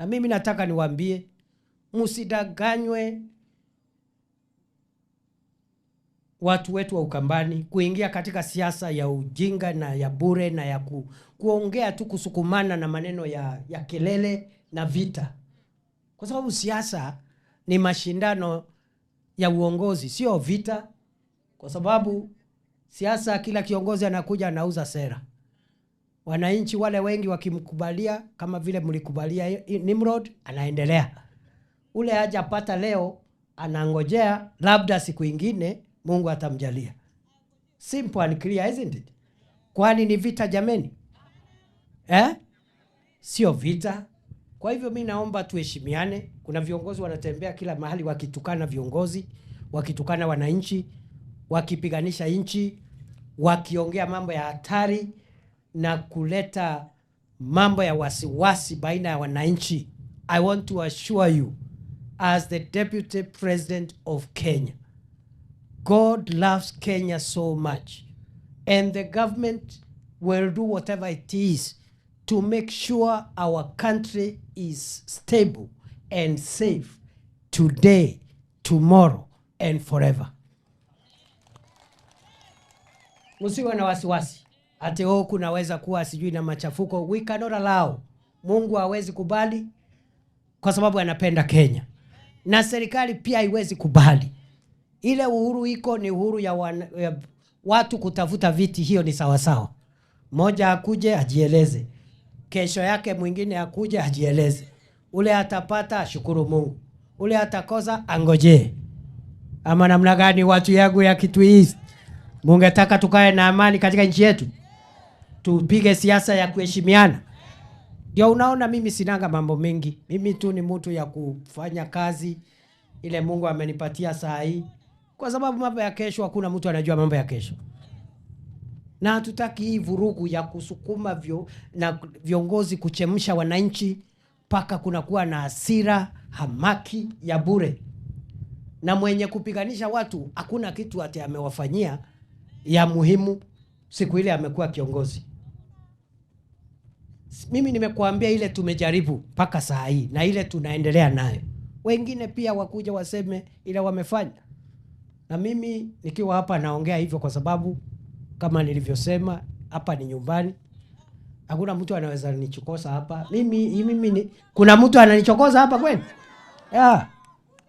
Na mimi nataka niwaambie, msidanganywe watu wetu wa Ukambani kuingia katika siasa ya ujinga na ya bure na ya ku, kuongea tu kusukumana na maneno ya, ya kelele na vita, kwa sababu siasa ni mashindano ya uongozi, sio vita, kwa sababu siasa, kila kiongozi anakuja anauza sera wananchi wale wengi wakimkubalia kama vile mlikubalia Nimrod, anaendelea ule hajapata leo, anangojea labda siku ingine Mungu atamjalia. Simple and clear, isn't it? Kwani ni vita jameni, eh? Sio vita. Kwa hivyo mi naomba tuheshimiane. Kuna viongozi wanatembea kila mahali wakitukana viongozi, wakitukana wananchi, wakipiganisha nchi, wakiongea mambo ya hatari na kuleta mambo ya wasiwasi baina ya wananchi. I want to assure you as the deputy president of Kenya God loves Kenya so much and the government will do whatever it is to make sure our country is stable and safe today, tomorrow and forever. Musiwe na wasiwasi ati oh, kunaweza kuwa sijui na machafuko. We cannot allow. Mungu hawezi kubali kwa sababu anapenda Kenya na serikali pia haiwezi kubali. Ile uhuru iko ni uhuru ya, wan, ya watu kutafuta viti, hiyo ni sawasawa. Mmoja akuje ajieleze, kesho yake mwingine akuje ajieleze. Ule atapata ashukuru Mungu, ule atakosa angojee. Ama namna gani, watu yangu ya kitu Mungetaka tukae na amani katika nchi yetu tupige siasa ya kuheshimiana. Ndio unaona mimi sinanga mambo mengi, mimi tu ni mtu ya kufanya kazi ile Mungu amenipatia saa hii, kwa sababu mambo ya kesho hakuna mtu anajua mambo ya kesho, na hatutaki hii vurugu ya kusukuma vyo, na viongozi kuchemsha wananchi mpaka kunakuwa na hasira hamaki ya bure, na mwenye kupiganisha watu hakuna kitu ati amewafanyia ya muhimu siku ile amekuwa kiongozi. Mimi nimekuambia ile tumejaribu mpaka saa hii na ile tunaendelea nayo. Wengine pia wakuja waseme ile wamefanya, na mimi nikiwa hapa naongea hivyo kwa sababu kama nilivyosema, hapa ni nyumbani, hakuna mtu anaweza nichokosa hapa mimi, mimi ni, kuna mtu ananichokoza hapa kweli? yeah,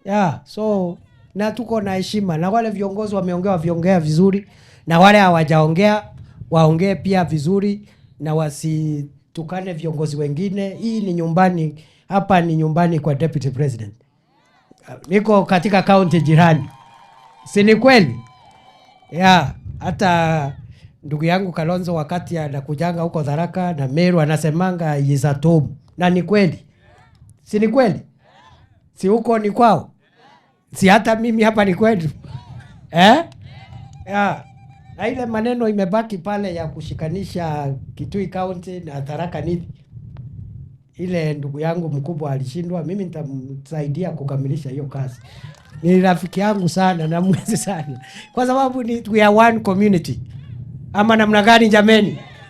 yeah. So na tuko na heshima na wale viongozi wameongea, waviongea vizuri, na wale hawajaongea waongee pia vizuri na wasi tukane viongozi wengine. Hii ni nyumbani, hapa ni nyumbani kwa deputy president, niko katika kaunti jirani, si ni kweli? Yeah, hata ndugu yangu Kalonzo wakati anakujanga huko Tharaka na Meru anasemanga is na ni kweli, si ni kweli? Si huko ni kwao, si hata mimi hapa ni kwetu eh? yeah na ile maneno imebaki pale ya kushikanisha Kitui County na Tharaka Nithi. Ile ndugu yangu mkubwa alishindwa, mimi nitamsaidia kukamilisha hiyo kazi. Ni rafiki yangu sana na mwezi sana, kwa sababu ni we are one community, ama namna gani jameni?